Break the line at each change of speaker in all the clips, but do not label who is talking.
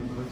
되는 거지.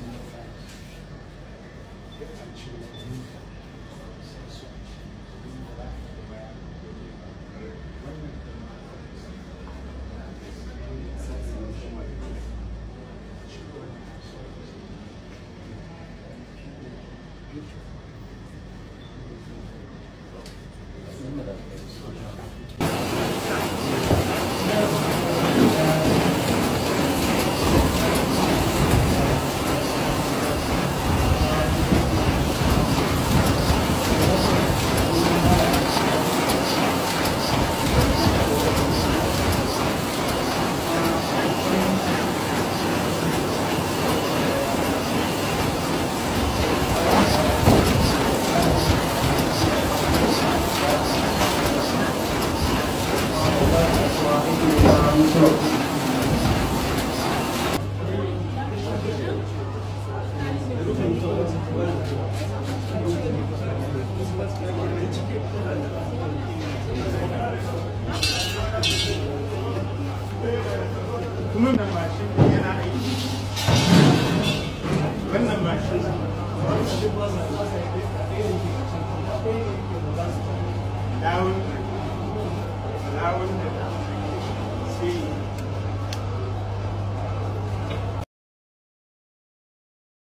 Down.